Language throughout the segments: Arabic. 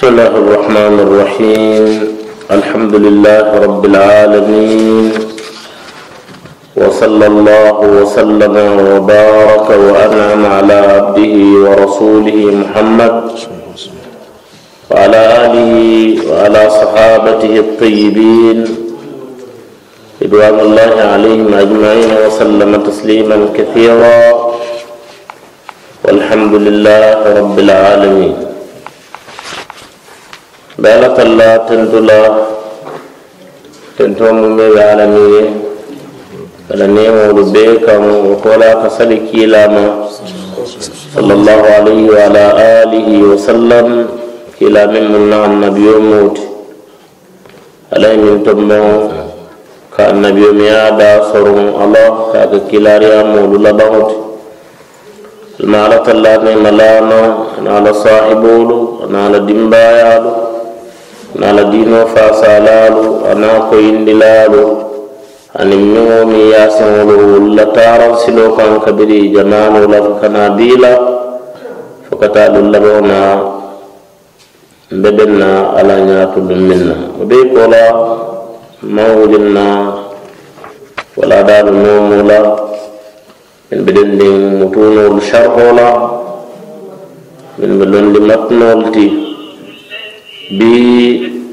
بسم الله الرحمن الرحيم الحمد لله رب العالمين وصلى الله وسلم وبارك وانعم على عبده ورسوله محمد وعلى اله وعلى صحابته الطيبين رضوان الله عليهم اجمعين وسلم تسليما كثيرا والحمد لله رب العالمين be ala talla tentula tento mume be alamiye ala nemolu be kamu o kola ka sali kilama sall llahu alayhi wa ala alihi wa sallam kilamin munna annabiyo muti alay min tommo ka annabiyo mi ada sorun ala kaka kilariya molu labaŋoti ma ala talla nemalano ana ala sahibolu ana ala dimbayalu nana dino fasalalu ana ko indilalu ani mimo mi yasiŋolu wulla taran silo kan kabiri jamanu la kana dila fokata lullabo na mbeben na ala ñatu dum min na o be kola mawujin na wala dalu nomu la min beden din mutunolu sharhola min be londi matunolu ti ممتنا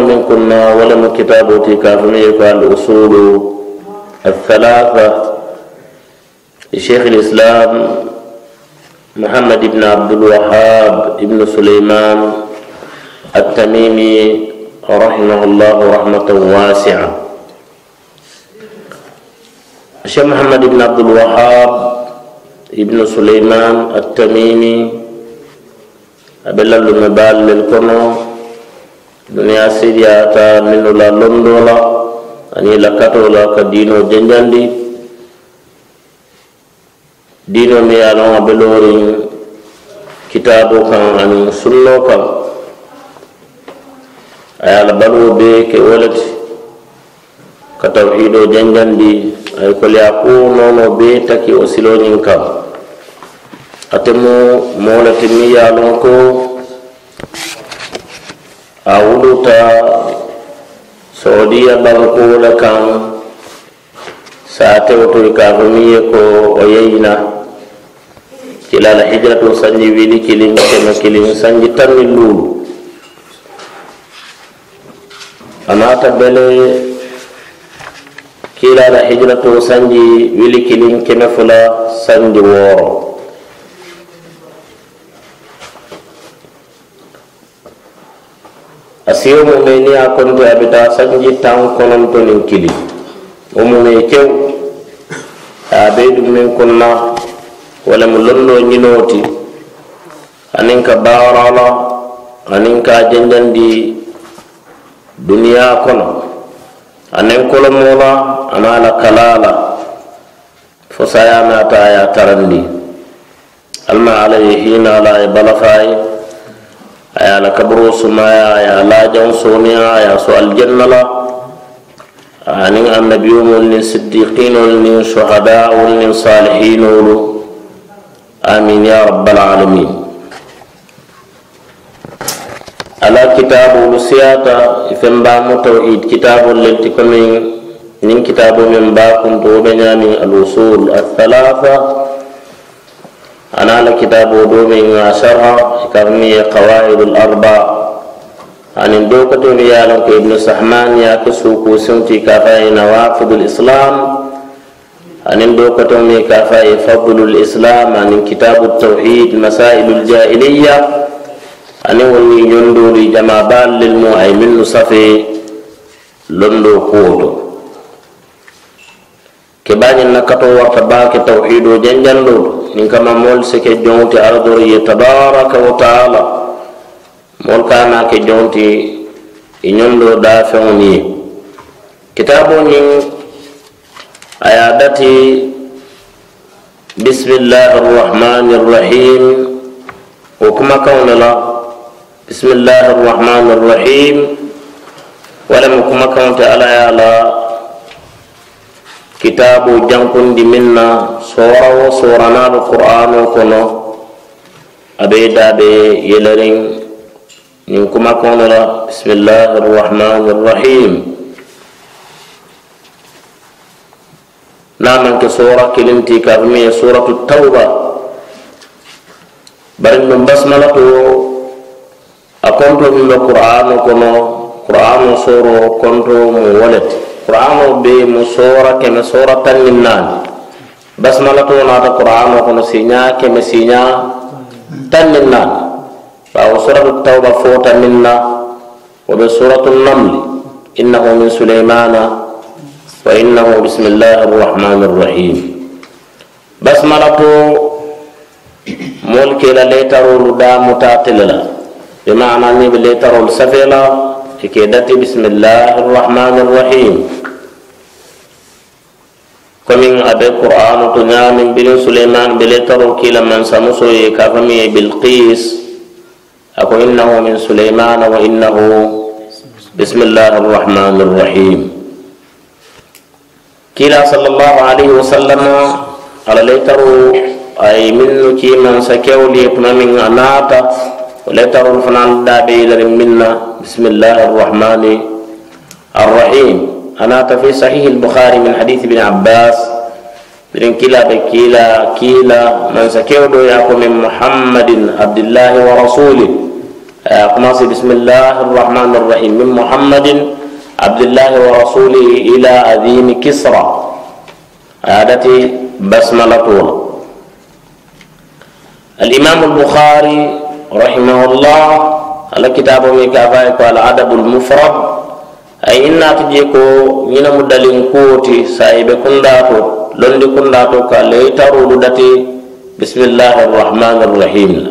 من كنا ولم كتابوتي كافمي قال الأصول الثلاثة لشيخ الإسلام محمد بن عبد الوهاب بن سليمان التميمي رحمه الله رحمة واسعة الشيخ محمد بن عبد الوهاب بن سليمان التميمي aɓe lallume baalel kono duniya siriyata minula londola ani lakkatola ka dino janjandi dino mi yalon aɓe lorin kitabo kan ani sunno kan ayala baluwo be ke wolati ka tawhido janjandi ay kolya ku nono be taki o siloñin kam atemu moola ti mi ye a loŋ ko a wuluta soodiya bankuo le kaŋ saatewo to i ka a fo miŋ ye ko o ye yina kila la hijiratu sanji wili kiliŋ keme kiliŋ sanji tanni luulu anaata bele kila la hijiratu sanji wili kiliŋ keme fula sanji wooro a siwo mume ni a konte a bita sanji tan kononton kili wo mume kew a be ɗum min kunna walla mo lonno ñinooti anin ka baarala anin ka janjandi duniya kono anen kolomola ana la kalala fo saya nata ya tarandi alma alayhi hina ala e balafaye ايا لا كبروا سنا يا يا لا جون سونيا يا سؤال جنة لا أن النبي من الصديقين من الشهداء من صالحين آمين يا رب العالمين على كتاب الوسيات فين بام توحيد كتاب التي كمين من كتاب من باكم توبنا من الوصول الثلاثة أنا لكتاب ودومي وعشرها كرمي قواعد الأربع عن الدوكة لك ابن سحمان ياكسو كوسنتي كفاي نوافذ الإسلام عن الدوكة مي كفاي فضل الإسلام عن كتاب التوحيد مسائل الجاهلية عن ولي جندوري جما بال للمؤمن صفي لندو كودو كبان النكتو وكباك توحيد جنجندو nin kama moolu se ke joŋo ti ala doro ye tabaraka wa taala moolu ka naa ke joŋo ti i ñoŋ do daafeŋo niŋ ye kitaaboo ñiŋ a ye a dati bisimillahi arrahmani arrahim wo kumakaŋo le la bisimillahi arrahmani arrahim walamu kumakaŋo ti ala ye a la kitabu jankundi min na sorawo soranaɗo qur'ano kono abe daɓe yelerin nin kuma konola bismillah irrahmani irrahim namanke sora kilinti kafumie suratu tauba bari ɗum basmala to a konto min ɗo qur'ano kono qur'ano soro konto mo wolete قرآنه بمسورة كما سورة تنمنان بس ما لطونا هذا القرآن وقنا سينا كما سينا تنمنان فهو سورة التوبة فوتا منا وبسورة النمل إنه من سليمان وإنه بسم الله الرحمن الرحيم بس ما لطو ملك إلى ليتر الردى متاتل بمعنى أني بليتر السفيلة كيدتي بسم الله الرحمن الرحيم كمين أبي قرآن تنا من بن سليمان بلترو كلا من سمسوي كفمي بالقيس أكو إنه من سليمان وإنه بسم الله الرحمن الرحيم كلا صلى الله عليه وسلم على ليترو أي من كي من سكيو ليقنا من أناتا وليترو فنان دابي منا بسم الله الرحمن الرحيم أنا في صحيح البخاري من حديث ابن عباس من كلا بكلا كلا من سكيودو ياكم من محمد عبد الله ورسوله آه، أقناص بسم الله الرحمن الرحيم من محمد عبد الله ورسوله إلى أذين كسرى عادتي بسملة طول الإمام البخاري رحمه الله على كتابه ميكافايك الأدب المفرد ay inna to je ko ñina mu dalin kuwoti sa ibe kundato londi kundato ka ley tarolu date bismillahi arrahman arrahim na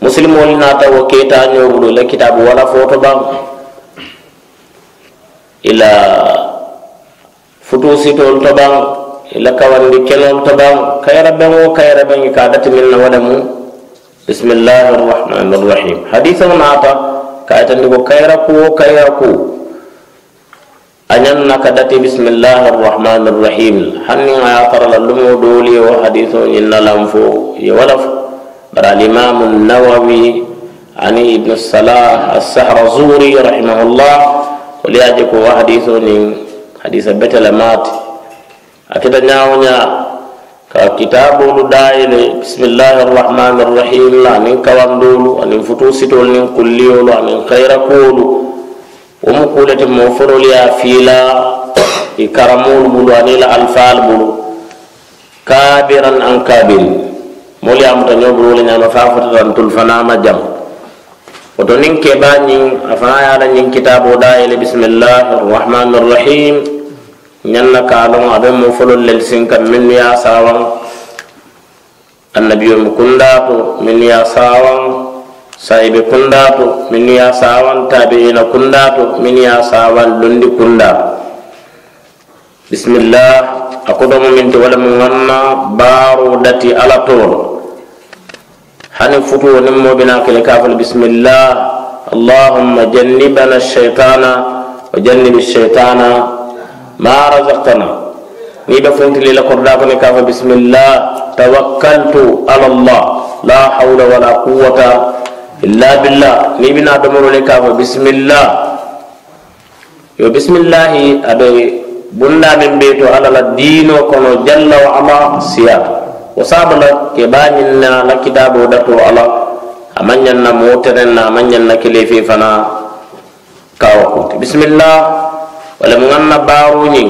musilimoolu nata wo keta ñorulu le kitabu wala foto ban ila futusitolu to ban ila kawandi kenol to ban kayraben wo kayraben i ka datimin na wa de mu bismillahi arrahmani arrahim hadisa nata كايتنيكو كايراكو كايراكو أنا نكدتي بسم الله الرحمن الرحيم هن عاطر للمو دولي وحديث إن لنفو يولف برا الإمام النووي عن ابن الصلاح السحر زوري رحمه الله وليأجكو حديث حديث بتل مات أكيد نعونا ka kitaabolu dayele bisimillahi rahmani rahim la anin kawandolu anin futu sitolu nin kulliyolu anin kayirakuwolu wo mu kulete mo forolu ye a fiila i karamolu bulu ani la alfaalu bulu kabiran an kabiri moolu ye a muta ñoo buruwo le ñaama fa fotatantul fanama jam woto nin keba ñin a fana ye ñalla ka lon abe mo folol lel sin kam min ya sawan annabiyo mi kundato min ya sawan sahibe kundato min ya sawan tabi'ina kundato min ya sawan lundi kundato bismillah akodomo min ti wala mu ganna baro dati ala toro hani futuwo nin mo bina kele ka fol bismillah allahumma jannibana shaitana wa jannibi shaitana marazaktana ni ba fontili la korda ko ne kafa bismillah tawakkaltu ala allah la hawla wala quwwata illa billah ni bina do mo le kafa bismillah yo bismillah ade bunda men be to ala la dino kono jalla wa ama siya o sabala ke ba nin na la kitabo da to ala amanyan na motaren na amanyan na kelefe fana kawo bismillah wala mu ŋanna baaru ñiŋ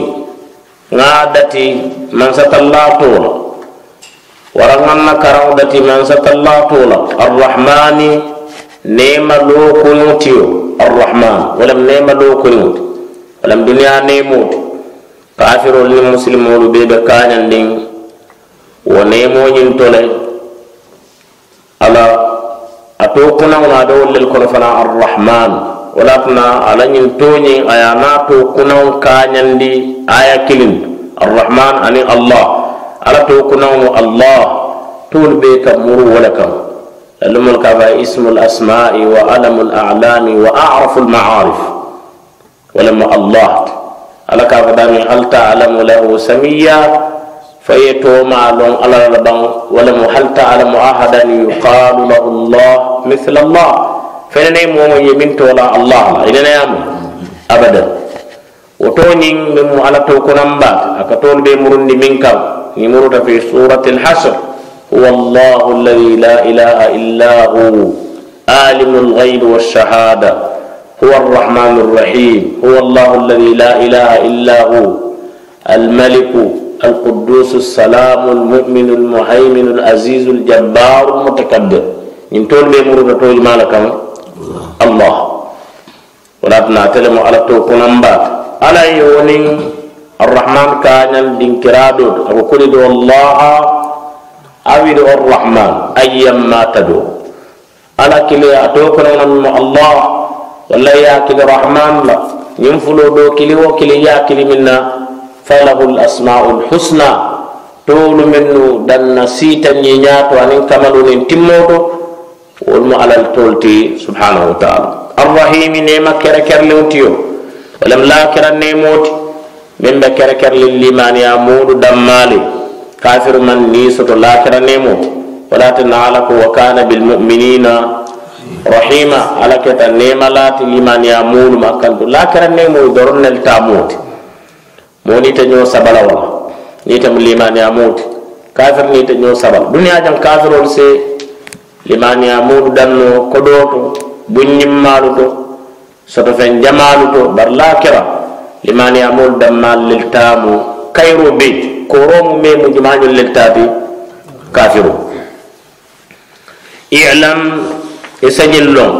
ŋa dati mansatallaa to la wara ŋanna karaŋo dati mansatallaa to la arrahmani neema loo kuliŋo ti yo arrahman walam neema loo kuliŋo ti walam duniyaa neemoo ti kafirolu niŋ musilimoolu bee be kaañandiŋ wo neemoo ñiŋ to le ala a to kunaŋo na a be wolu lelu kono fanaŋ arrahmanu wala tuna ala ñiŋ tooñiŋ a ye a naato kunaŋo aya kiliŋ arrahman ani allah ala to kunaŋo allah toolu bee ka muru wo le kaŋ lumol ka fa ismu lasmai wa alamu lalami wa arafu lmaarif walama allah ala ka fo dami hal taalamu lahu samiyya fa ye لون على ala ولم baŋ walamu hal يقال له الله مثل الله fene ne momo ye min tola allah la ina ya mu abada woto nyin min mu ala to kunamba aka to be murundi min ka ni muruta fi surati al-hasr huwa allah alladhi la ilaha illa hu عالم الغيب والشهاده هو الرحمن الرحيم هو الله الذي لا اله الا هو الملك القدوس السلام المؤمن المهيمن العزيز الجبار المتكبر ان تول بمرو تول مالكم الله ونبنا تلم على توكو مبات على يوني الرحمن كان الانكراد وكل دو الله أو أبد الرحمن أيما تدو على كلي أتوقنا من الله ولا يا كلي رحمن لا ينفلو دو كلي وكلي يا كلي منا فله الأسماء الحسنى تول منو دن سيتا نينات وانين كمالون تموتو ولم على التولتي سبحانه وتعالى الرحيم نيمة كركر لوتيو ولم لا كر نيموت من بكركر للإيمان يا مود دمالي كافر من نيسة لا كر نيموت ولا تنعلك وكان بالمؤمنين رحيما على كت نيمة لا تلمان يا مود ما كان لا كر نيموت دورن التاموت موني تنيو سبلا ولا نيتم الإيمان يا مود كافر نيتنيو سبلا دنيا جم كافر ولسه limaniyamuɗu ɗanno koɗo to buññimmalu to soto fen jamalu to bari lakira limaniyamuɗu ɗammal liltamu kayro be koromu me mu jumañol liltati kafiru ilam isañil lon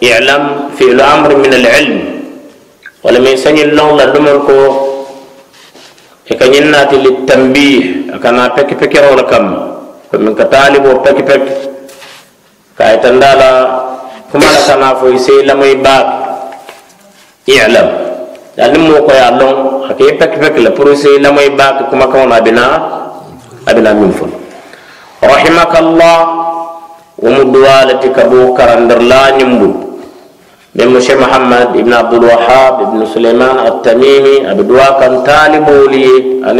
ilam filu amre min al ilm walla min sañil lon la ɗumol ko e kañinnati littanbih akana peke pekerola kam komin ka talibo peke peke kayitanda la kuma la kana fo ise lamai ba i'lam dalin mo ko ya ake pek pek la pour ise lamai ba kuma kan na bina abina min fo rahimakallah wa mudwalati kabu karandar la nyimbu be mo muhammad ibn abdul wahhab ibn sulaiman at-tamimi abdwa kan talibu li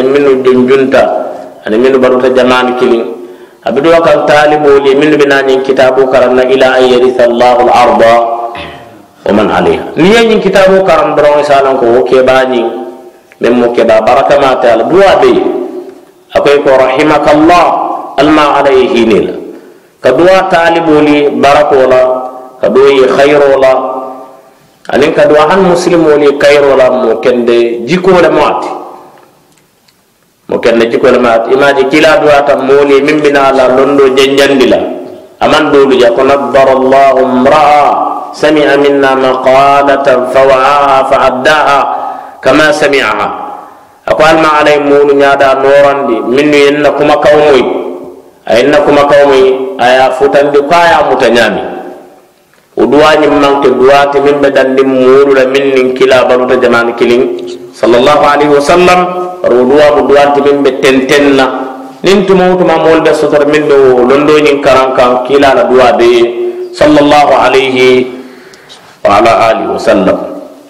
minu dunjunta ani minu baruta jama'an kilin abidu wa kan taliboli minnu bɛ naa ɲin kitabu karanna ila an yarisa allahu al-arda wa man alayha ni ye ɲin kitabu karan dɔrɔn isa lan ko o kɛba ɲin min mu kɛba baraka ma ta ala duwa bɛ yen a ko ko rahimakallah alma ala ye hinɛ la ka duwa taliboli barako la ka duwa ye khayro la ani ka duwa hali muslimu ye kayro la mɔ kɛnde jiko le mɔ a ti mo kenne cikole ma imaji kila duwata mooli min bina la londo jenjandi la aman dolu ja ko nabbara allahu mraa samia minna maqalatan fawaaha fa addaha kama samiaha ako alma alay moolu ñaada norandi minnu yenna kuma kawmoy a kuma kawmoy aya futandi ko mutanyami muta ñaami o duwañim manke duwati min be dandi moolu la min nin kila baluta sallallahu alayhi wa ruduwa buduwanti min be tenten na nin tuma tuma moolu be sotor min do londo ñin karan kan kila la duwa be sallallahu alayhi wa ala ali wa sallam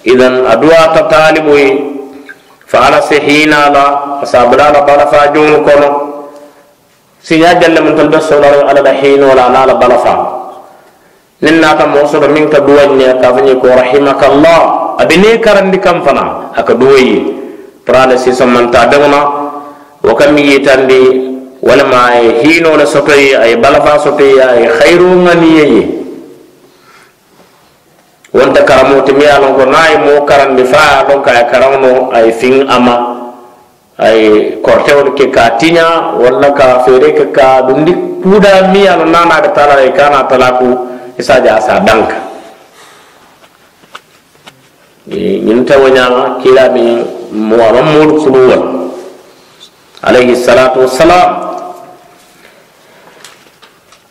idan aduwa ta talibu fa ala sihina la asabra la bala fa jun kono sinya jalle mun tol be sotor ala la hino la ala bala fa nin nata mo soto min ka duwa ka fanyi ko rahimaka rahimakallah abine karandi kam fana aka duwaye prala sisan manta daŋona wo ka miŋ yitandi walama a ye hiinoo le soto ye a ye balafa soto ye a ye hayiroo ye wonta karamo ti miŋ ko niŋ a ye moo fa a ye ka a a ke ka a tiña ka feere ke ka dundi kuuda a loŋ tala la a kiila muwaramolu kuluwal alayhi salatu wasalam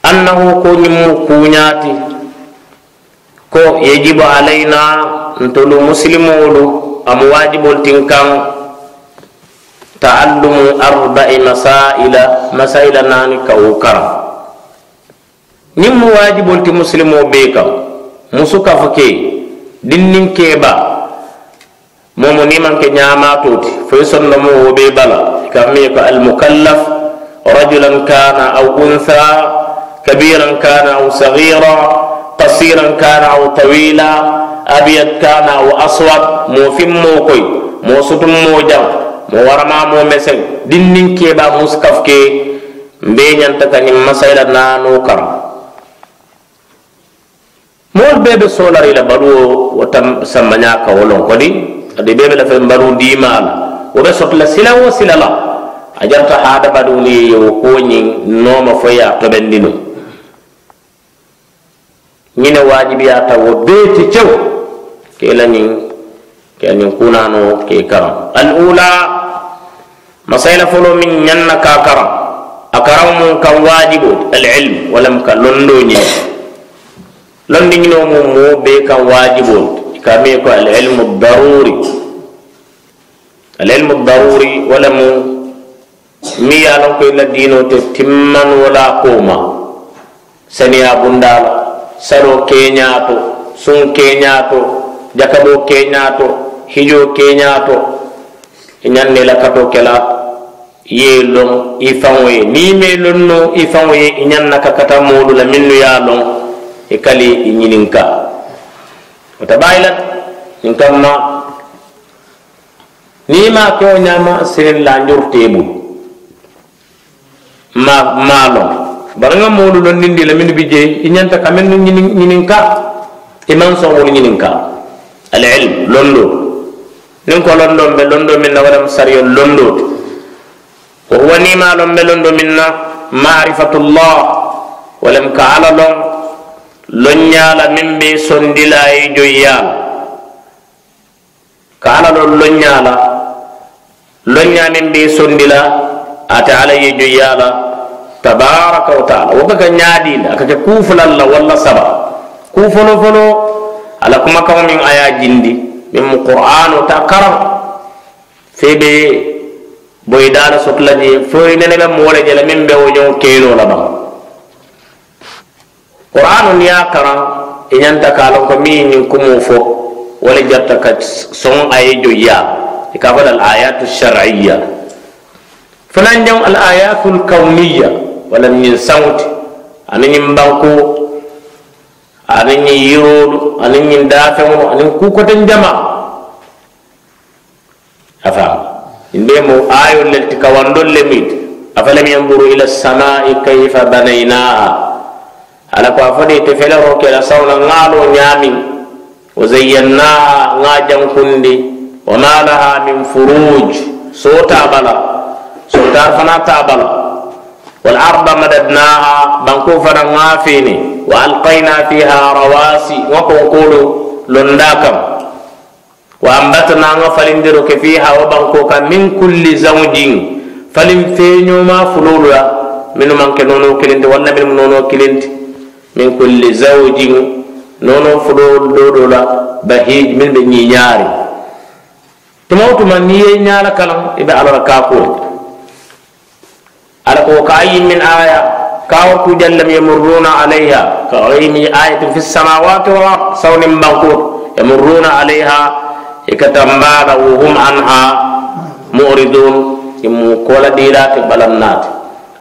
annahu ko ñummu kuñaati ko yejibo alayna ntolu musilimolu amu wajibol tin kan taallumu arba'i masaila masaila nani ka wukara ñimmu wajibol ti musilimo be kan musu kafo ke dinnin keɓa momo ni manke ñama toti foy sonno mo wo be bala kammi ko al mukallaf rajulan kana aw untha kabiran kana aw saghira qasiran kana aw tawila abiyad kana aw aswad mo fimmo koy mo sutum mo jam mo warama mo mesen dinnin keba muskaf ke mbe ñanta kani masayla nanu karam moolu bee be soolari la baluwo wo tam sammañaa kawolon kodi قد يبي من فهم برو ديمال وبس سطلا سلا وسلا لا أجر تحاد بدوني يوكوني نوم فيا تبندينو من واجبي أتو بيت جو كيلني كان يكون أنو كيكرا الأولى مسألة فلو من ينن كاكرا أكرم كان واجب العلم ولم كلندوني لندنينو مو بيكا واجبون kami ko alilmu daruri alilmu daruri wala mu mi ye alon ko ila dino te timman wala kuma saniya bundala salo kenyato sun kenyato jakabo kenyato hijo kenyato ñanne la kato kela ye lon i fanwo ye ni me lon no i fanwo ye i ñanna ka kata molu la minnu ye lon i kali i ñininka o taɓayilat min kam non ni ma kewo ñama sirin lanjur teɓu ma malon baranga molu non nindi la min bi jeyi i ñanta kamen no ñinin ka i man soŋol ñinin ka alilm londo nin ko londo be londo min na waram sario londo wa huwa ni ma londo min na ma'rifatullah walam ka ala long loññaala min be sondilaayi joyyaala ka ala lo loññaala loññaa min be sondila ate ala ye joyyaala tabaraka wa taala wo kaka ñaadiila a kake kuufulalla walla saba kuufolo folo ala kuma kaŋo min a ye jindi min mu qur'ano ta karam fe be boyidaala sotula je foyi nene be moole je la min be wo ñoŋo keenoo la baŋ qur'anu ni ya karan i ñanta ka lon ko min ñin kumu fo wala jarta ka soŋ a ye joyya i ka fo dal ayatu shar'iyya fanan jaŋ al ayatul kawniyya wala ñin saŋuti ani ñin banko ani ñin yiroolu ani ñin daafeŋolu ani kukoten jama a faamu in be mo ayol lel ti kawandol le mit afalam yanzuru ila samai kayfa banaynaha ala ko a fani te felero kela sawla ŋaalo ñaamin wo zayyannaha ŋa jankundi wo malaha min furuj so taabala sotar fana taabala wal arda madadnaha banko fana ŋa fini wa alkayna fiha rawasi ŋa konkolo londa kam wa ambatna ŋa falindiro ke fiha wo banko kam min kulli zawjin falin feeñoma fulolula minu manke nono kilindi walla minum nono kilindi من كل زوج نونو فلول دورولا بهيج من بني ياري تموت من ني نيالا كلام ابا على ركاكو على كوكاي من ايا كاو جلم يمرون عليها كريم آية في السماوات والارض مبكور يمرون عليها يكتمبارا وهم عنها معرضون يمو كولا ديلا كبلنات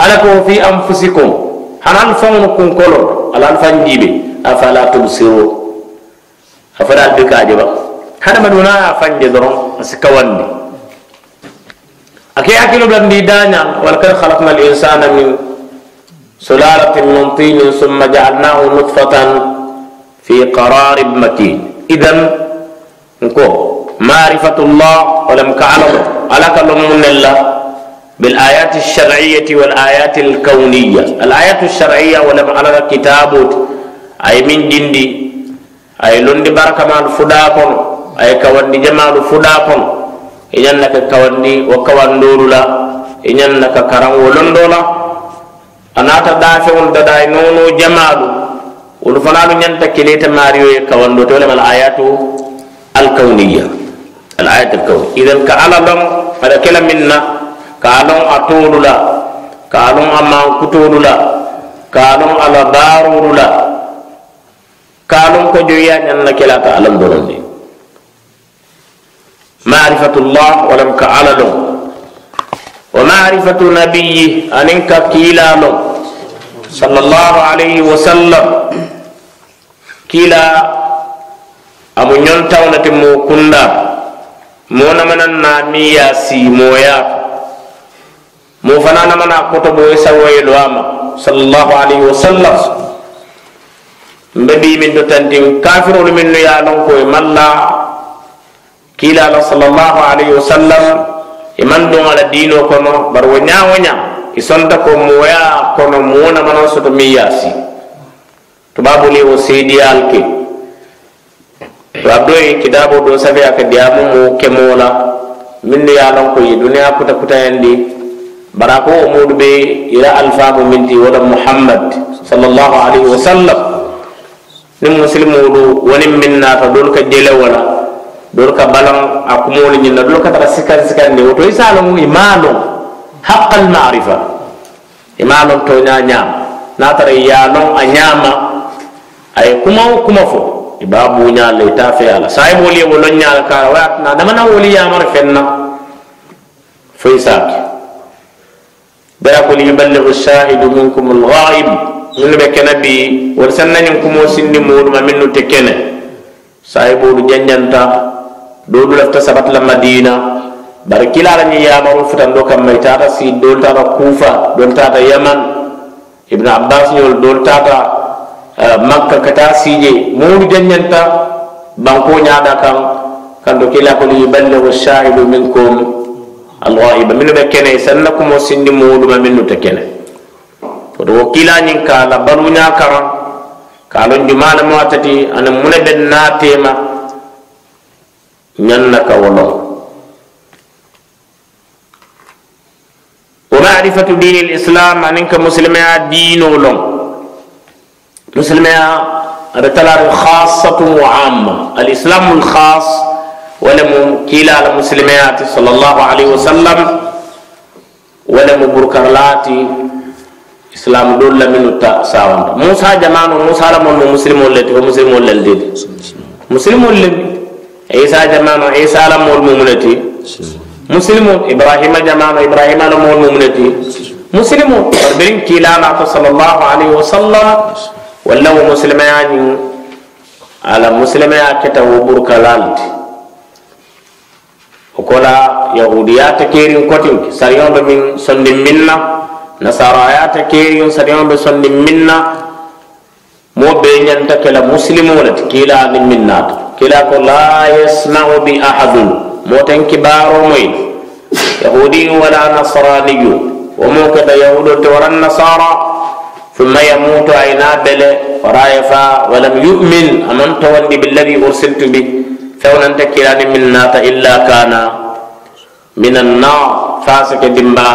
على في انفسكم هل الفون كون alan fan jibe afala tubsiru afara albe kaje ba hada maduna afan je doron sikawandi ake hakilo blan di danya wal kan khalaqna al insana min sulalatin min tin thumma ja'alnahu nutfatan fi qararin makin idan nko ma'rifatullah wa lam ka'lamu alaka lumunilla بالآيات الشرعية والآيات الكونية الآيات الشرعية ولم على الكتاب أي من جندي أي لند بركة مع الفداكم أي كواندي جمع الفداكم إذن لك وكوان وكواندور لا إذن لك كرم ولندولا أنا تدافعون تداي نونو جمال ولفنالو ننتا كليت ماريو كواندو تولم الآيات الكونية الآيات الكونية إذن كعلا لهم هذا كلام منا kaanoŋ a toolu la kaanoŋ a mankutoolu la kaanoŋ a la baaroolu la kaanoŋ ko joyiya ñaŋ na kela ka alam doroŋ ne maarifatullah walam ka ala loŋ wa maarifatu nabiyi aniŋ ka kiilaa loŋ salallahu alayhi wa sallam kiilaa amu ñoŋ tawnati moo kundaa moo namanaŋ naa miŋ ye a siimooyaa to mo fana namana koto ɓoye sawoye ɗowama sall llahu alayhi wa sallam mbe ɓimin to tanti kafirol min no yalon koye malla kilala sall llahu alayhi wa sallam e man ɗon ala dino kono bar wo ñawoña e sonta ko moya kono monamanan soto min yaasi to baɓole o seediyal ke to adoye kidabo ɗo safiya ka diyamumo kemola min no yalon koye duniya kuta kutayandi kuta برako moolu be ira alfaamu min ti wala muhammad sallallahu alaihi wasallam ni musilimolu wonin min naata doolu ka jele wala doolu ka balan a kumoolu ñinna doolu ka tara sikan sikandi woto i saalomu i maa lon haqa almarifa i maa toña ñaama naa tara i a ñaama a ye kuma wo kuma fo i baa buuñaa la fe a la saayiboolu ye wo lon ñaa la kaara wayatina damana wolu yaamar fenna fo i saake بلا كل يبلغ الشاهد منكم الغائب من بكنا بي ورسلنا نكم وسن مور ما منو تكنا صاحب جنجنتا دول لفت سبت لما دينا bari kilala ñi yamaru futando kam may tata si dol tata kufa dol tata yaman ibnu abbas ñol dol tata makka kata sije mowru janñanta banko ñaada kam kanto kila ko li yuballigu shahidu minkum alghaiba minnu be kene sanna kumo sindi mooluma minnu te kene woto wo kilañin ka la baluña kara ka lon jumala mo atati ana mune be naatema ñanna ka wo lon wa marifatu dini lislam anin ka musilimaya diino lon musilimaya ada talaru khasatun wa amma alislamu lkhas al ولم كيلا المسلمات صلى الله عليه وسلم ولم بركرلات اسلام دول من ساوند موسى جمان موسى لمن مسلم ولد ومسلم ولد مسلم ولد عيسى جمان عيسى لمن مؤمنتي مسلم ابراهيم جمان ابراهيم لمن مؤمنتي مسلم برين كلا صلى الله عليه وسلم ولو مسلمان على مسلمات كتبوا بركرلات okola yahudiyata kerin kotin sariyon be min sondin minna nasarayata kerin sariyon be sondin minna mo be nyanta kala muslimuna kila min minna kila ko la yasma'u bi ahadun moten kibaro moy yahudi wala nasrani wa mo kada yahudu to waran nasara ثم يموت عينا بل ورايفا ولم يؤمن أمن تولي بالذي أرسلت به تون انت كيران من ناتا الا كان من النا فاسك دمبا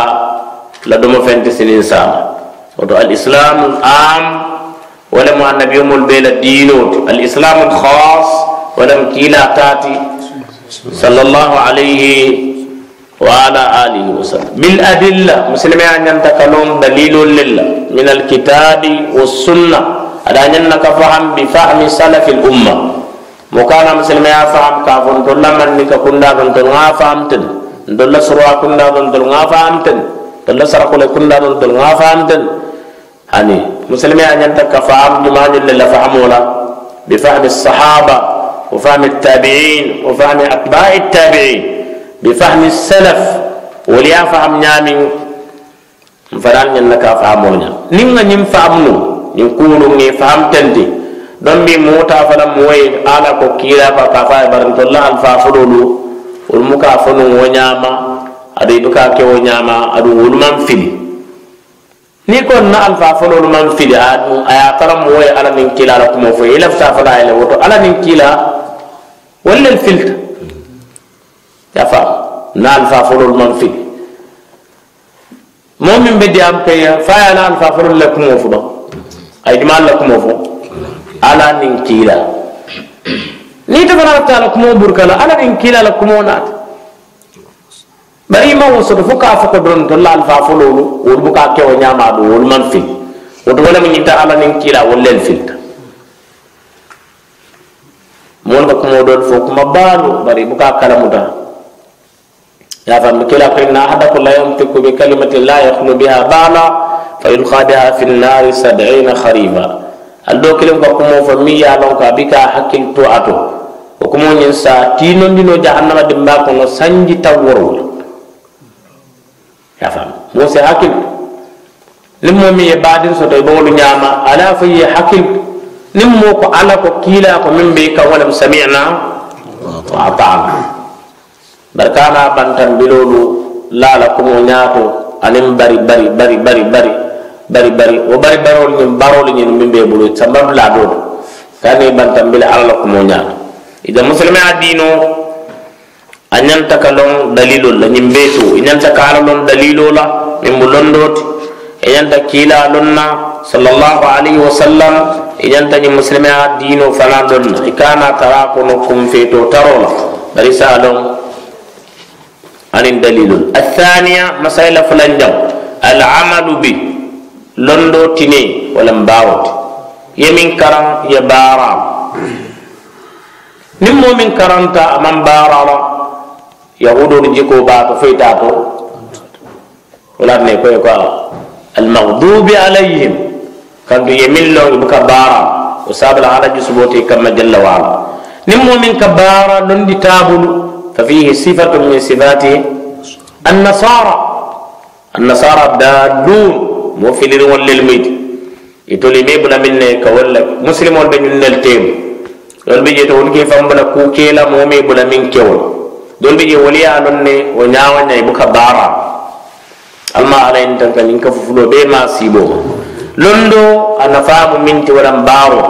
لدوم فنت سنين سام ودو الاسلام العام ولم النبي يوم البيل دين الاسلام الخاص ولم كيلا تاتي صلى الله عليه وعلى آله وسلم بالأدلة مسلمين أن ينتقلون دليل لله من الكتاب والسنة على أن بفهم سلف الأمة مكان مسلم يا فام كافون دولا من نيكا كوندا من دولا فامتن دولا سروا كوندا من دولا فامتن دولا سرقوا كوندا من دولا فامتن هني مسلم يا نتا كفام دمان اللي فهمولا بفهم الصحابة وفهم التابعين وفهم أتباع التابعين بفهم السلف وليا فهم نامين فران ينكا فهمونا نيم نيم فهمنو نيم كونو نيم فهمتن دي don bi muta fana moye ala ko kira ba ka fa e baran tolla al fa fulu ul muka fulu wonyama adi buka ke wonyama adu ul man fili ni ko na al fa fulu ul man fili adu aya tara moye ala nin kila la kuma fo ila e fa fa ila e woto ala nin kila walla al filt ya fa na al fa fulu ul man fili mo min be diam pe fa ya na al fa fulu la kuma fo do ay dimal la kuma fo على نكيلا ني تفرات على كمو بركلا على نكيلا لكمونات بريما وصد فكا فكا برن تلا الفافلو ولبكا كيو نياما دو ولمن في ودولا من يتا على نكيلا ولل في مون بكمو دول فوق ما بالو بري بكا كلامو دا يا فهم كلا قلنا أحدك لا يمتك بكلمة الله يخلو بها بالا فيلقى بها في النار سبعين خريفاً al do kelen ka kumo fo mi ya lon ka bika hakil to ato o kumo nyin sa tino ndino jahannama de dimba ko no sanji taworo ya fam mo se hakil mo mi e badin so to bo lu nyama ala fa ye hakil mo ko ala ko kila ko min be ka wala sami'na wa ata'na barkana bantan bilolu lala kumo nyato alim bari bari bari bari bari bari bari wo bari barol ñin barol ñin min be bulu sabab la do kani bantam bil alla ko mo nyaa ida muslimi adino anyan takalon dalilo la ñin be to anyanta kalon dalilo la min bulondot anyanta takila lonna sallallahu alaihi wasallam anyanta tan muslimi adino fala don ikana tara ko no kum fe to tarola bari salon anin dalilo athaniya مسألة فلان العمل به londo tine walla mbawo ti ye min karan ye baarama niŋ moo min karanta a maŋ baara la yahudoolu jikoo baa to foyi taa to wolaati ne koye ko almagdubi alayhim kantu ye min loŋ i buka baara o saabala ala jusuboo te kamma jalla waala niŋ moo min ka baara londi taabulu fa fihi sifatun min sifatihi annasara annasara daaluun mo won lel ito itolu me bula min ne ka muslim won be ñu lel teemu dolu be je to wolu fam bla bula ke la mo me bula min won don be je wolu ye a ne o nyaawa ña bu ka bara amma ala yin tanka ñiŋ ka fu bee be ma sibo londo ana faamu min ti walaŋ baaro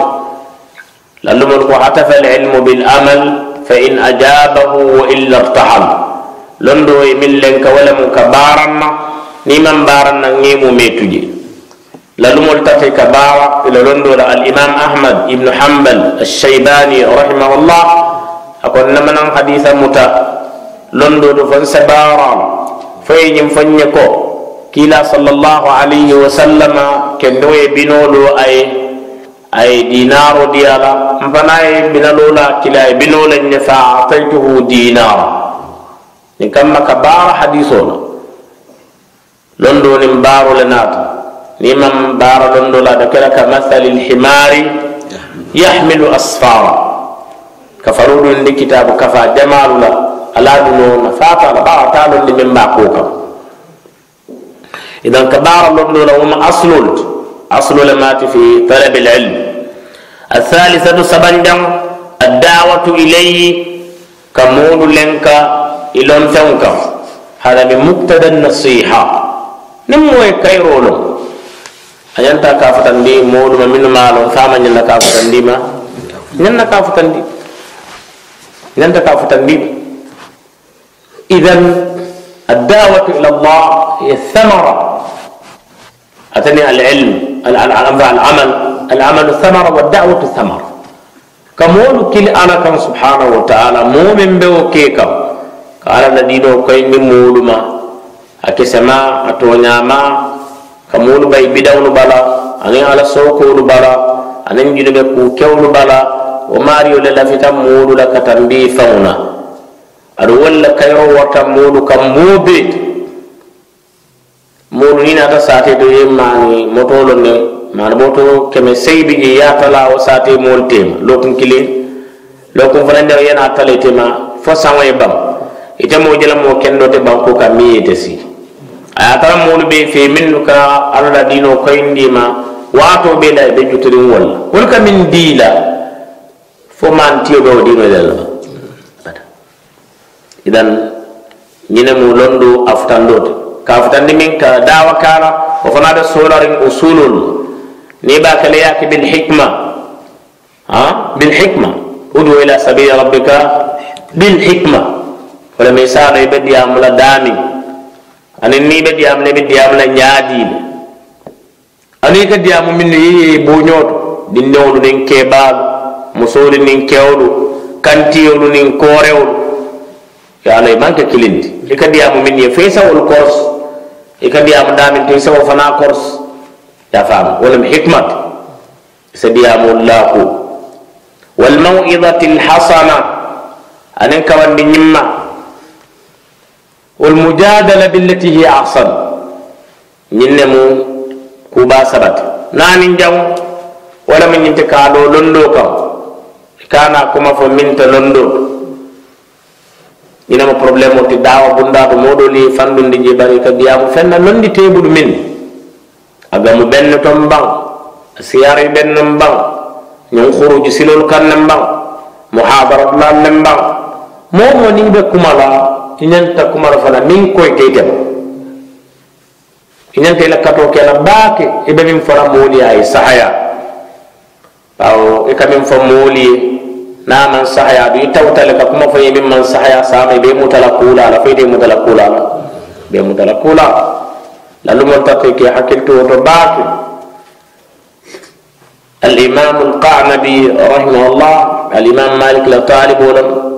mon ko hatafa al ilmu bil amal fa in ajabahu wa illa irtahal londo e min len ka mu ka baaranma ni man baran na ngemu metuji lalumol tafe ka bawa ila londo la al imam ahmad ibn hanbal ash-shaybani rahimahullah akon na namanan haditha muta londo do fon se bawa foy nyim fonye ko kila sallallahu alayhi wa sallama kendo e binolo ay ay dinaro diala mpana e binalola kila e ne nyefa ataytuhu dinara ni kamma ka bawa hadithola لندو نمبار لناتو لمن بار لندو لا دكرا كمثل الحمار يحمل أصفارا كفرود لندي كتاب كفا جمال لا ألا دنو نفاتا لبارتا لندي من باقوكا إذن كبار لندو لهم أصل أصل لما في طلب العلم الثالثة سبنجم الدعوة إليه كمول لنك إلى هذا من النصيحه niŋ هو ye kayiroo loŋ a ñanta ka futandi moolu ma minnu maa loŋ saama ñiŋ na ka futandi ma ñaŋ na ka futandi ñanta ka futandi idan الدعوة إلى الله هي الثمرة أتني العلم العمل العمل ثمرة والدعوة ثمرة كمول كل أنا كم سبحانه وتعالى مؤمن بوكيكم قال الذين كين مولما a kesema a toñama kamolu bay bidawnu bala anin ala sookolu bala anin junube ku kewlu bala wo mario le lafita molu la katambi fawna aɗo wolla kayro worta molu kam mobe molu nina ta sate to ye mani motolo ne mana boto keme seybi ƴe yatala wo sate molu tema lokun kile lokun fana nder yana tala tema fo sawoye bam itemo jalamo kendote banko ka miyete sii a tara moolu be fe minnu ka alla la diinoo koyindi ma waato be la be jutiriŋ wol la wolu ka miŋ dii la fo maantiyo be wo diino le la idan ñine mu londo a ka futandi min ka daawa kaala wo fanaŋ be soolariŋ usulul niŋ be a keleyaa ke bilhikma bilhikma udu ila sabili rabbika bilhikma wala misaalo i be diyaamula anin ni be diyam ne be diyam na nyaadi ni ani ka diyam min ni yi bu nyot din nyolu din kebal musoli nin kewdu kanti yolu nin korewu ya lay manke kilindi e ka diyam min ye fe sawol kors e ka diyam da min tin sawo fana kors ya fam wala mi hikmat sa diyam wallahu wal mawidatil hasana anin kawandi nyimma walmujadala billati hiya ahsan ñin ne mu kuba sabata nanin jaŋo wala mu ñinte kaalo londo kaŋ kana kuma fo minta londo ñinema probléme oti dawa bundaɗo moɗo ni fandundi je bari ka giyamu fenna londi tebudu min agamu benne ton baŋ asiyari bennen baŋ ñun xuruju silolu kannen baŋ muhadaratulal nen baŋ momo niŋ be kumala iñanta kumaro fana min koy ke itema iñanta ila kato kela baake i be min fora moolu ye a ye sahaya bawo i ka min fo moolu ye naa man sahaya du i tawtale ka kuma fo ye min man sahaya saama i be mutala kuula la fo ite mutala kuula la be mutala kuula lalumol ta ke hakkiltu woto baake الإمام القعنبي رحمه الله الإمام مالك لطالب ولم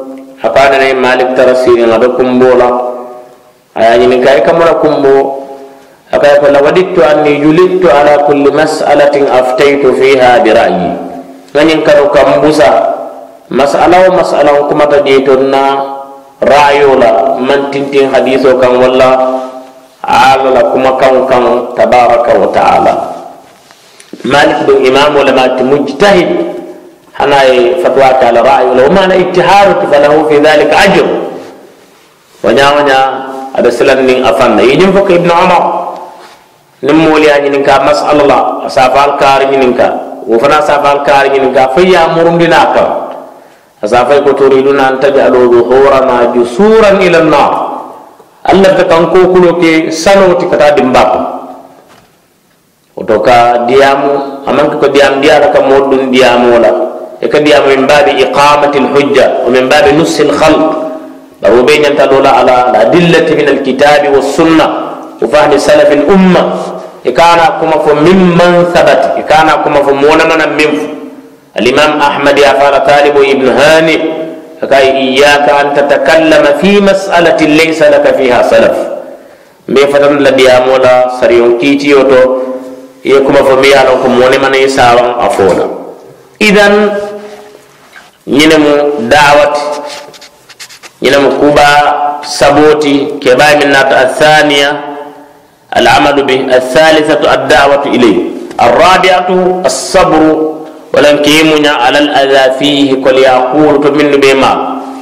a padanai malik tara sirin a be kumbo la a ye ñini ka i kumbo a kaye ko lawadittu anni julittu ala kulli masalatin aftaitu fiha birayi ŋa ñiŋ kanu busa masala wo masala n kumata jeton na rayo la man tintin hadiso kan walla ala la kuma kan kan tabaraka wa ta'ala malik ɗum imamu lamati mujtahid hanaye fatwake ala rayi wala womana ijtiharatu falahu fi dhalika ajr wañawaña aɗa silan nin a fanna yijum fo ko ibnu omar nin mooliya ñininka masala la a safa alkaari ñininka wo fana safa alkaari ñininka fo ya murundina kam a safay ko turiduna an tajalu duhurana jusuran ila nnar allah ta kan kokulo ke sanoti kata dimbako woto ka diyamu amanke ko diyam diyata ka moɗum diyamola يكدي من باب إقامة الحجة ومن باب نص الخلق لو بين تدل على الأدلة من الكتاب والسنة وفهم سلف الأمة كان كما فممن ثبت كان كما فمونا من من الإمام أحمد يفعل طالب ابن هاني فكاي إياك أن تتكلم في مسألة ليس لك فيها سلف مي لدي أمولا سريون كيتي كيتيوتو يكما فمي على كموني من يسارون أفونا إذن ñinemu dawati ñinemu kuba saboti keɓay min nata athania العمل به الثالثة الدعوة إليه الرابعة الصبر ولم كيمنا على الأذى فيه كل يقول تمن بما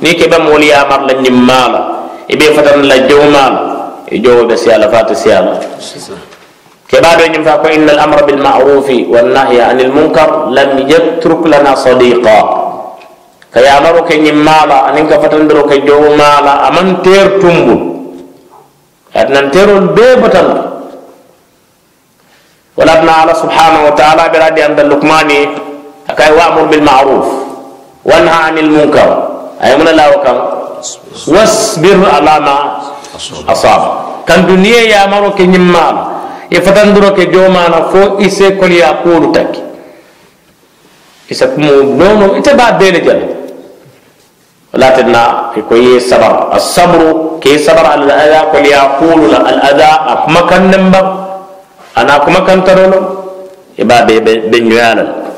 نيك بمول يا مر لن مالا إبي فتن لجو مالا يجو بسيالة فات سيالة كبار ينفع إن الأمر بالمعروف والنهي عن المنكر لم يترك لنا صديقا kayamaro ke nyimmala anin ka fatandoro ke jowu mala aman ter tumbu adnan teron be ولدنا على سبحانه وتعالى برد عند لقمان أكاي وأمر بالمعروف وانهى عن المنكر أي من الله وكم واصبر على ما أصاب كان دنيا يا أمر كنيمة يفتن دروك يوم أنا فو إسه كل يا كورتك إسه كمو نونو إتبع بين جلده latinna ko ye sabar asabru ke sabar al ya ko ya al'ada a kuma kan nan ba ana kuma kan tarolo iba bin be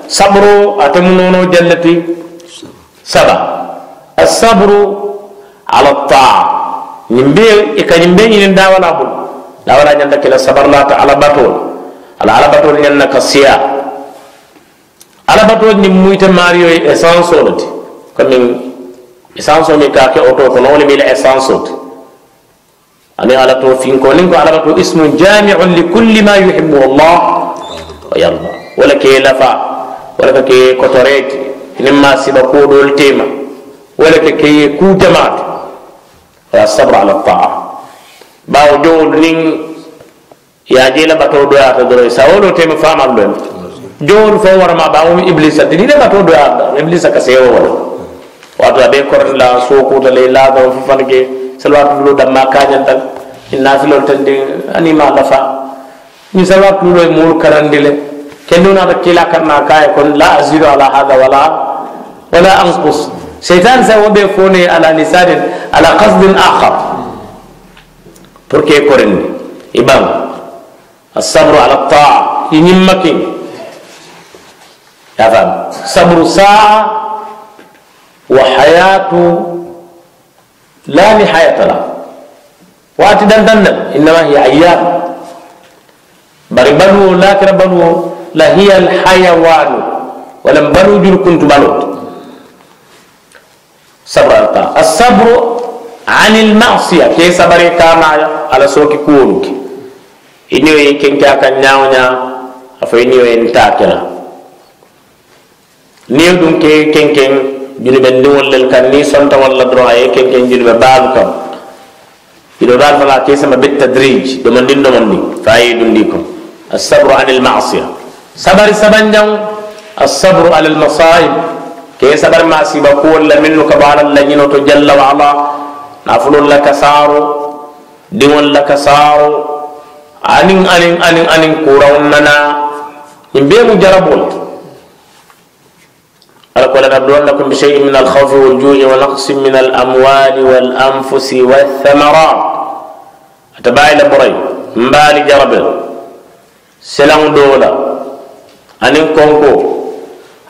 sabro a ta munono jallati saba asabru ala ta'a nimbe ikanyimbe nyin dawala bu dawala nyanda kila sabar la ta ala ta ala ala batul na kasiya alabato ni muita mario essence olati kamin essence min ka ke oto kono woni mila essence oti ani ala to finko nin ko alaba to ismun jamiun li kulli ma yuhibu allah wa yarda wala ke lafa wala ke ke kotoreki nin ma siba koɗol tema wala ke ke ku jamaat wala sabra ala taa ba jowol nin yaje la bato doyata doro sawolo tema famal ɗon jowol fo warama bawo iblisa tinine bato doyata iblisa ka sewo wala wato abe korla sokuta le ladoro fofanke salawatu lu damma kañantal i nafilol tan de anima lafa ni salawatu lu e mulu karandi le kendu nata kila karna kaye kon la azidu ala hada wala wala anqus sheitan sa wobe fone ala nisanin ala qasdin akhar pour ke korendi ibam الصبر على الطاعة ينمكين يا فهم صبر ساعة وحياة لا نهاية لها وأتي دندن إنما هي أيام بل بنو لكن بنو لا هي الحيوان ولم بنو جل كنت بنوت صبر أنت الصبر عن المعصية كي صبر كما على سوك كونك إني كنت أكن ناونا أفيني وإنتاكنا نيو دونك كنكن كن junuben ndiŋol lel kaŋ niŋ sonta walla doroŋ a ye kenkeŋ junube baalu kaŋ ido daal fala kesama bitadrij domandin domandi fa ye dundi ko asabru an almasia sabari sabanjaŋ asabru ala almasaib ke sabari masiba kuwol la minnu ka baala la ñino to jalla wa ala nafulol la kasaaro diŋol la kasaaro aniŋ aniŋ aniŋ aniŋ kurawun nana in bee mu jarabol قال لنبلونكم بشيء من الخوف والجوع ونقص من الأموال والأنفس والثمرات أتباعي لبري مبالي جربل سلام دولا أنين كونكو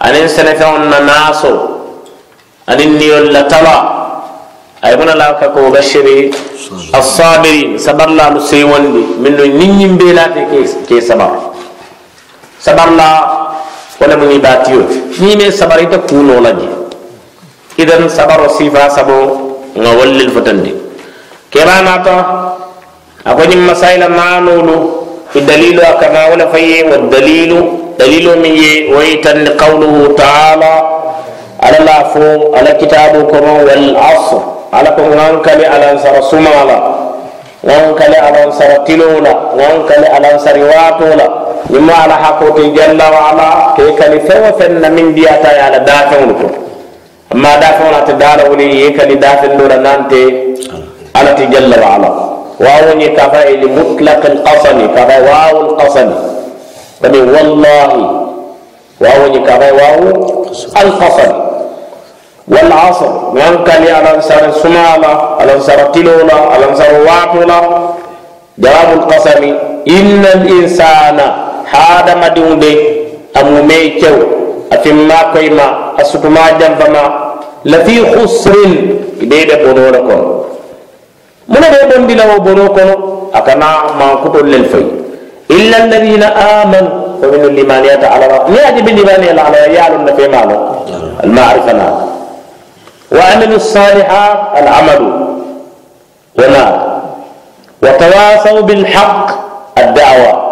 أنين سنفعون ناسو أنين نيول لتلا أيبنا لك وبشر الصابرين صبر لا نسيون من نين بلا كي صبر صبر لا wala mu ibatiyo ni me sabari ta kuno laji idan sabaro sifa sabo nga wallil fatandi kirana ta akoni masaila manulu fi dalilu akana wala faye wa dalilu dalilu min ye waitan li qawluhu ta'ala ala la fo ala kitabu kuma wal asr ala ko ngankali ala sara sumala ngankali ala sara tilola ngankali ala sara watola ñimma ala hakkoti jalla wa ala ke kali fewo fen na min mbiyata ye ala dafeŋolu to amma dafeŋolu ate daala wuli ye kali dafendola nante ala ti jalla wa ala wawoñi kafa e li mutlaqi lkasami kafa wawu lkasami kadi wallahi wawoñi kafa wawu alkasami والعصر من قال على انصار سمالا على انصار تلولا على انصار واتولا جواب القسم إن الإنسان hadamadiŋo be a mumei kew a fimma koyma a sutuma janfama lafi husrin ibe be bono le kono muna be bondi la wo bono kono a kana mankutol lel foyi illa alladina amanu fa minu limaniyata alala ni aji be limaniyala alaya ye alon nafe malo almarifa na wa amilu salihat alamalu wa nar wa tawasaw bilhaq الدعوه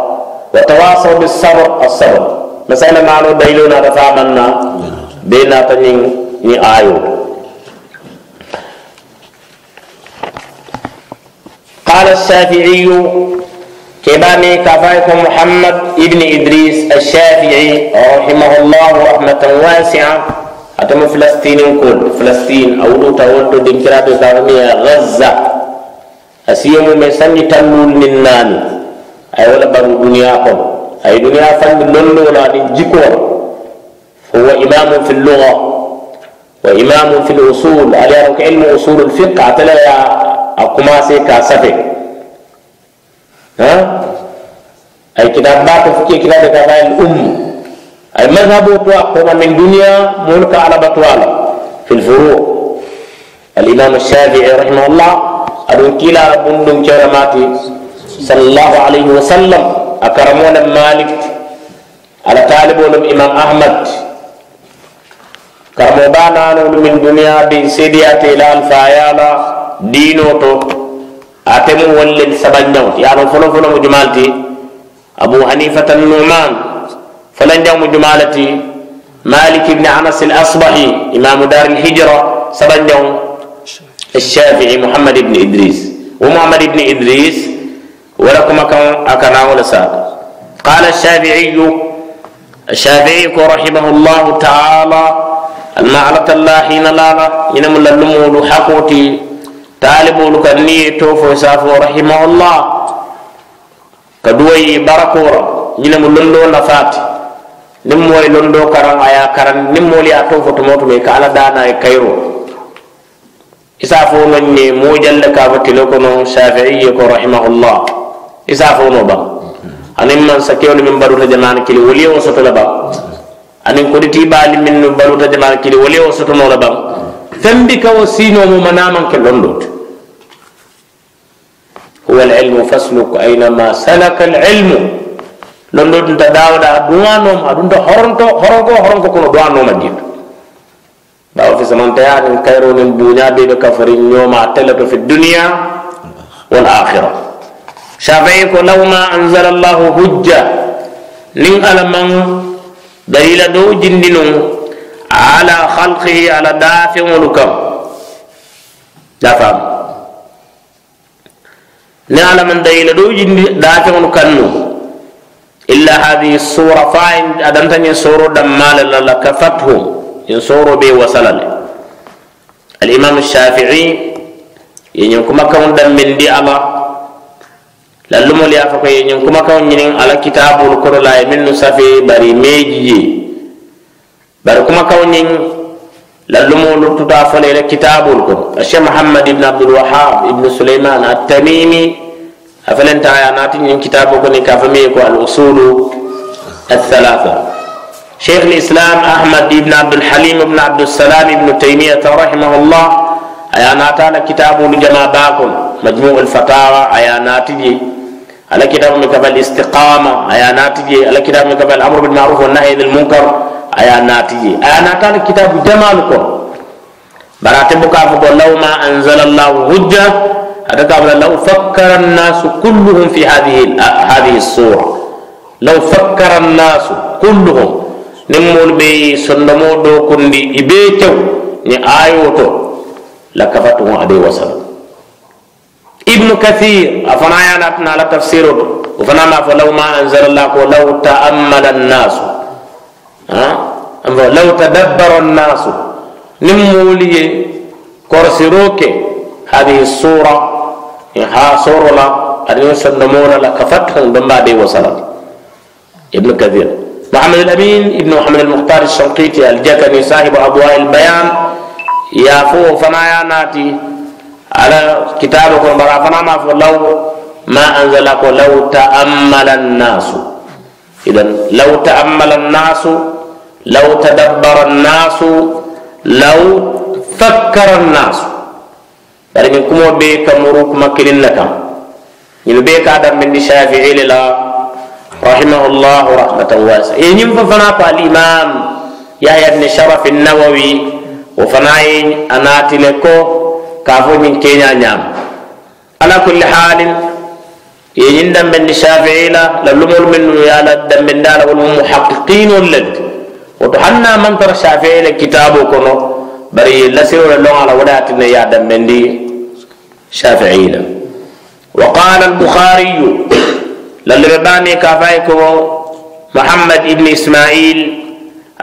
وتواصوا بالصبر الصبر مثلا معنو دفا رفعنا بينا تنين ني آيو قال الشافعي كبامي كفاك محمد ابن إدريس الشافعي رحمه الله رحمة واسعة أتم فلسطين كل فلسطين أو تولد دمكرات غزة أسيوم من سن تنول من ناني a ye wo le baŋ duniyaa kono a ye duniyaa la aniŋ jiko la huwa imamun fi al-lugha wa imamun fi lusul ali ye ko ilmu usulul fiq ate le ya akuma commencé ka safe ay kitab ba ko fuke kitab ka ba al um ay madhhabu to akoma min dunya mulka ala batwala al furu' al-imam الشافعي رحمه الله أدون كلا بندن كرماتي صلى الله عليه وسلم أكرمون مالك على طالبون إمام أحمد كرمو بانان من دنيا بي سيدي أتي لان فايالا دينو تو أتمو ولن سبن نوت يعني فلو فلو مجمالتي أبو حنيفة النعمان فلن جاو مجمالتي مالك بن أنس الأصبحي إمام دار الهجرة سبن الشافعي محمد بن إدريس ومحمد بن إدريس ولكم كم كان أكنا ولا قال الشافعي الشافعي رحمه الله تعالى على الله حين لالا إنما للمول حقوتي طالب لكني توفي سافو رحمه الله كدوي بركورا إنما لندو نفاتي nimmoy londo karan aya karan nimmoli a to foto moto me ka ala dana e kayro isa fo non ne mo jalle ka fatilo kono shafi'i ko rahimahullah isa fo no ba anin man sa sakewol min baluta jaman kili woli o soto la ba anin ba tibali min baluta jaman kili woli o soto no la ba fembi ka o sino mo manaman ke londot huwa alilmu fasluk ma salaka alilmu londot nta dawda duwa nom adunta horonto horonko horonko kono duwa noma dito dawa fi zaman samantayanin kayronin buña ɓeɓe kafarin nyoma telato fi dunya wal akhirah shafe ko law ma anzala allahu hujja nin alamaŋo dalila dow jindinoŋo ala halkihi ala dafeŋolu kam dafaamu nin alaman dalila dow jindi dafeŋolu kan no illa hadihi sura fa adanta ñiŋ soro dammale la la kafathum ñiŋ soro be wasala le alimamu shafii ye ñiŋ kumakaŋo dammindi ala lallumolu ye a fo ko ye ñiŋ kumakaŋo ñiniŋ ala kitabulu koro la ye minnu safe bari mee jije bari kumakaŋo ñiŋ lallumolu tuta fo le ila kitabulu kono cheikh mohammad ibne abdulwahab ibnu suleiman attamimi a felenta ye a naati ñiŋ ko ni ka fo miŋ ye ko al usulu athalatha شيخ الإسلام أحمد بن عبد الحليم بن عبد السلام بن تيمية رحمه الله أياناتنا كتاب لجمع باكم مجموع الفتاوى أياناتي على كتاب من قبل الاستقامة أي ناتجي على كتاب من قبل الأمر بالمعروف والنهي عن المنكر أي ناتجي أي ناتجي كتاب جمالكم براتب بكافك لو ما أنزل الله هجة هذا قبل لو فكر الناس كلهم في هذه هذه الصورة لو فكر الناس كلهم نمول بي سندمو دو كندي إبيتو ني آيوتو لكفتهم عليه وسلم ابن كثير افنا يا نتنا لا تفسير وفنا ما فلو ما انزل الله لو تامل الناس ها أه؟ لو تدبر الناس نمولي كرسروك هذه الصورة ها صورة لا أريوس النمور لا كفتهم دم بعدي وصلت ابن كثير محمد الأمين ابن محمد المختار الشنقيطي الجكني صاحب أبواب البيان يافو فنايا ناتي على كتابكم برا فما ما لو ما أنزلكم لو تأمل الناس إذا لو تأمل الناس لو تدبر الناس لو فكر الناس يعني من كم بيك مروك ما كلنك بيك أدم من الشافعي لا رحمه الله رحمة واسعة يعني إيه فنا الإمام يا ابن شرف النووي وفناي أناتي لكو كافو من كينيا نعم على كل حال يجن دم من الشافعيلا للمر من يالا دم من دار والمحققين ولد وتحنا من ترى الشافعيلا كتابه كنو بري لسير لون على وداتنا يا دم من دي شافعيلا وقال البخاري للرباني كافايكو محمد ابن اسماعيل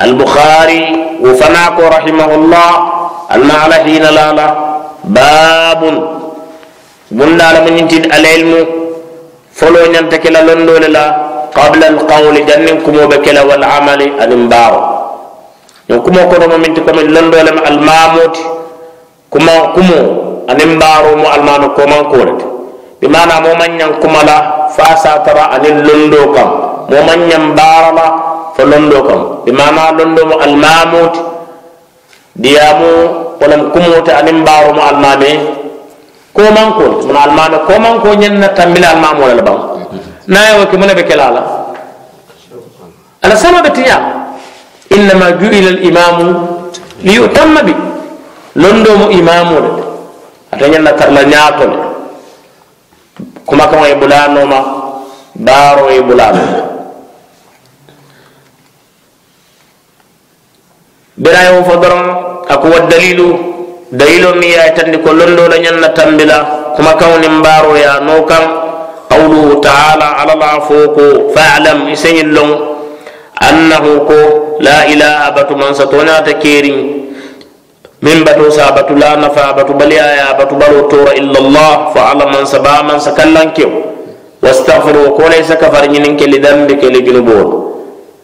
البخاري وفناكو رحمه الله المعلحين لا لا babun bundala mu ñinti al ilmu folo ñanta kela londole la qabla al qawli jannin kumo be kela wal amali anin baro ñon kumo kono mo minti komi londole ma al mamuti kuma kumo anin baro mo almano ko man ko le bi mana mo man ñan kumala fa sa tara anin londo kam mo man ñan barala fo londo kam bi mana londo mo al mamuti diyamu walam kumote anin baromo almame komanko mun almame komanko ñanna tambila almamo la ban nayewo ke mune be kelala ala sama be tiña innama juila alimamu liyutamma bi londomo imamu le ata ñanna karla ñaatole kuma kama ye bulanoma baro ye bulanoma birayo fo doron ako wa dalilu dalilo mi ye tandi ko londo la ñaŋ na tambila kumakaŋo niŋ baaroya noo kaŋ qawluhu taala ala la fo ko falam iseñiŋ loŋ annahu ko la ilaha batu mansatonaata keeriŋ min bato sa batu la nafa batu baliyaya batu baloo tora illallah fo ala mansa baa mansa kallankew wastaghfiru ko laysa kafar ñiniŋ ke li dambike li junuboolu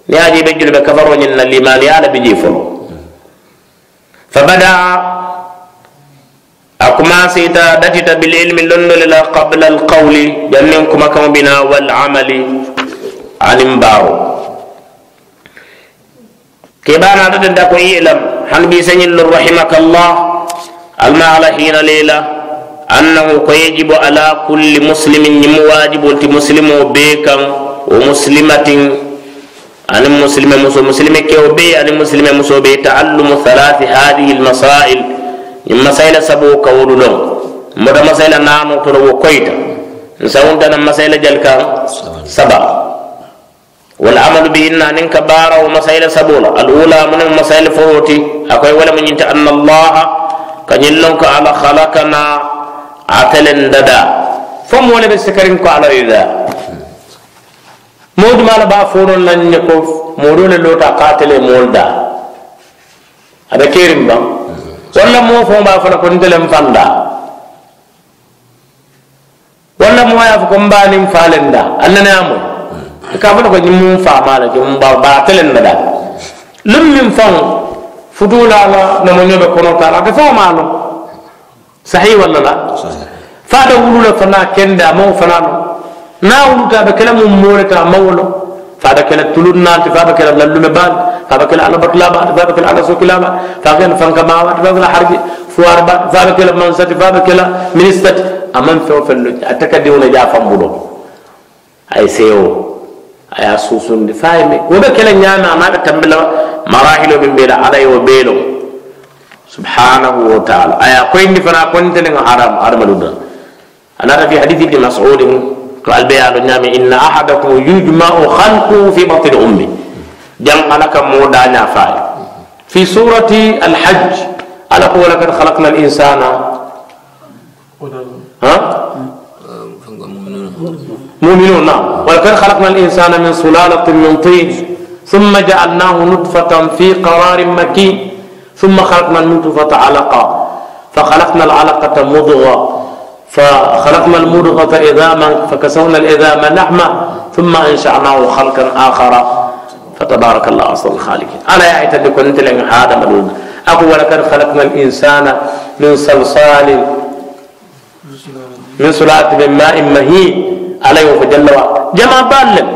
niŋ ye a je i be junube kafaro ñiŋ na limaaniya la bi jee folo فبدا أكما سيتا دتت بالعلم لندل قبل القول جنن كما كما بنا والعمل علم باو كيبانا دتت دكو يلم هل بيسن رحمك الله الما على حين ليلة أنه يجب على كل مسلم واجب مسلم بكم ومسلمة ani musilime muso musilime kewo be ani musilime muso be taallumu thalathi hadihi almasail ñiŋ masayila saboo ka wolu loŋ moto masayila naano to wo koyita nsawuntana masayila jal kaŋ saba والعمل بهن أن كبارة ومسائل سبولة الأولى من مسائل فروتي أكوي ولا من ينت أن الله كنيلنك على خلقنا عتل ددا فم ولا بسكرنك على إذا moolu maala baa fooroŋ naŋ ne ko moodoo le loota kaatelee moolu daa a be keeriŋ baŋ walla moo foŋ baa fo la ko nte le nfaŋ daa walla moo ye a fo ko mbaa niŋ faa leŋ daa a nene a moy i e ka a fo la ko ñimuŋ faamaa le je m ba baa te leŋ na daa luŋ miŋ faŋo futuu la a la nomoñoo be kono taa la ate faa maa loŋ sahii walla la faa da wulu le fanaa kendi a maŋo fanaa loŋ na wuluta aɓe kela mum moreta mawolo faɓe kela tulun naati faɓe kela lallume baati faɓe kela alabatu labaati faɓe kela alasoki labaati faɓe kela fanka mawaati faɓe kela harje fuwar baati faɓe kela mansati faɓe kela ministati aman fewo fello a taka diwna ja fambulo ay seyo aya susundi fayme woɓe kela ñaame anaɓe tambila marahilo ɓe mbiyeɗa alay o beelo subhanahu wa taala aya koyndi fana kontelen haram adamaɗuda anata fi hadith ibni masudin قال بيانو نامي إن أحدكم يجمع خلقه في بطن أمي جمع لك مودانا فاي في سورة الحج على قول لقد خلقنا الإنسان ها؟ مؤمنون نعم ولقد خلقنا الإنسان من سلالة من طين ثم جعلناه نطفة في قرار مكين ثم خلقنا النطفة علقة فخلقنا العلقة مضغة فخلقنا المضغة إذاما فكسونا الإذام لحمة ثم أنشأناه خلقا آخر فتبارك الله أصل الخالقين ألا يعتد كنت لأن هذا ملون أقول ولقد خلقنا الإنسان من صلصال من سلالة من ماء مهين عليه جل وعلا جمع بالم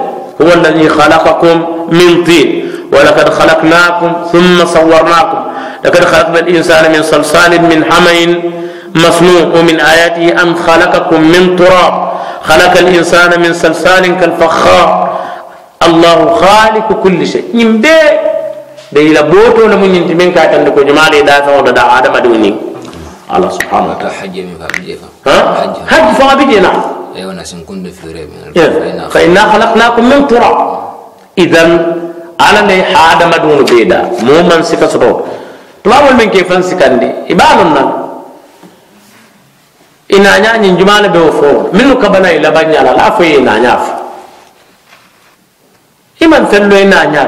هو الذي خلقكم من طين ولقد خلقناكم ثم صورناكم لقد خلقنا الإنسان من صلصال من حمين مصنوع ومن آياته أن خلقكم من تراب خلق الإنسان من سلسال كالفخار الله خالق كل شيء يمبي ديلا بوتو لم ينتي من كاتن دكو جمال دا فون آدم دوني الله سبحانه وتعالى حج حج حج فبجينا أيوة ناس كن في ريب فإنا خلقناكم من تراب إذا على لي آدم دون بيدا مو من سكسرو تلاول من كيفن سكندي إبالنا ina nya juma na be fo minu ka bana ila banya la la fo ina nya fo iman fello ina nya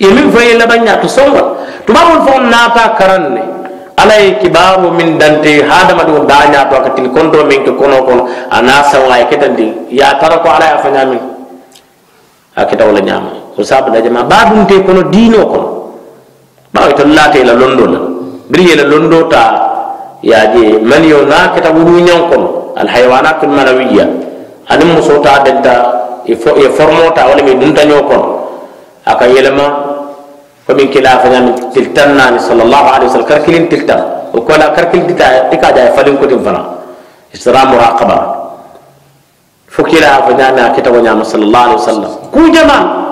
ye min fo ila banya to songa to babon fo nata ne alay kibaru min dante hadama do danya to katil kondo min ko kono kono ana sawa ay ketandi ya tarako ala ya afanya min akita wala nyama ko sabu da jama dun te kono dino kono ba to te la londo la biri la londo ta yaje man yo na kata wuru nyon kono al haywanatul manawiyya anin muso ta denta e formo ta wala mi dunta nyo kono aka yelma ko min kila fa nyam tiltan nani sallallahu alaihi wasallam karkilin tiltan o ko la karkil dita tika da falin ko din fana istira muraqaba fukila fa nyam kita ko nyam sallallahu alaihi wasallam ku jama'a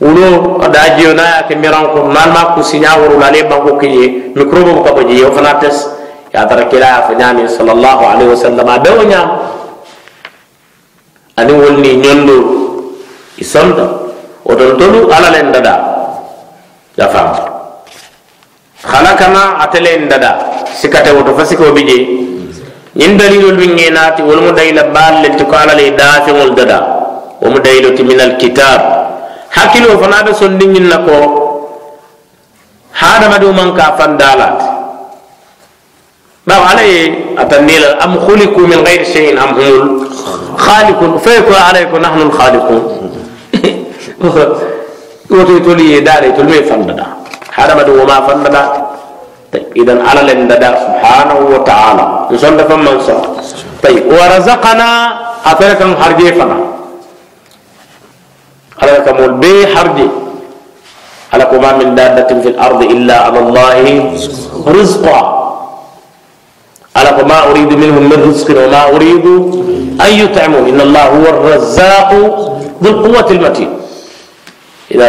wulo da jiyo na ya kemi ranko man ma ku sinya wuro la le bango kiye mikrobo ko ba jiyo fana tes ya tara kila ya fanya ni sallallahu alaihi wasallam be wonya ani wonni nyondo isonda o don tolu ala len dada ya fam khalakana atelen dada sikate woto fasiko bije nyin dalilo lwinge nati wolmo dayla balle to kala le dafi wol dada o mo dayilo timinal kitab hakkilo fana be sondi ñin na ko hadamadiŋo man ka fandala ti bawo alla ye atanni la am khuliku min gayri cheyin am humul khalikun fo ye ko alla ye ko nahnu lkhalikun woto itolu ye daala itolu me fandada hadamadiŋo ma fandada idan ala len dada subhanahu wa taala nsonta fo maŋ soŋ tayi wa razaqana a fere kaŋ fana خلقك مول بي حرج خلق ما من دابة في الأرض إلا على الله رزقا خلق ما أريد منهم من رزق وما أريد أن يطعموا إن الله هو الرزاق ذو القوة المتين إذا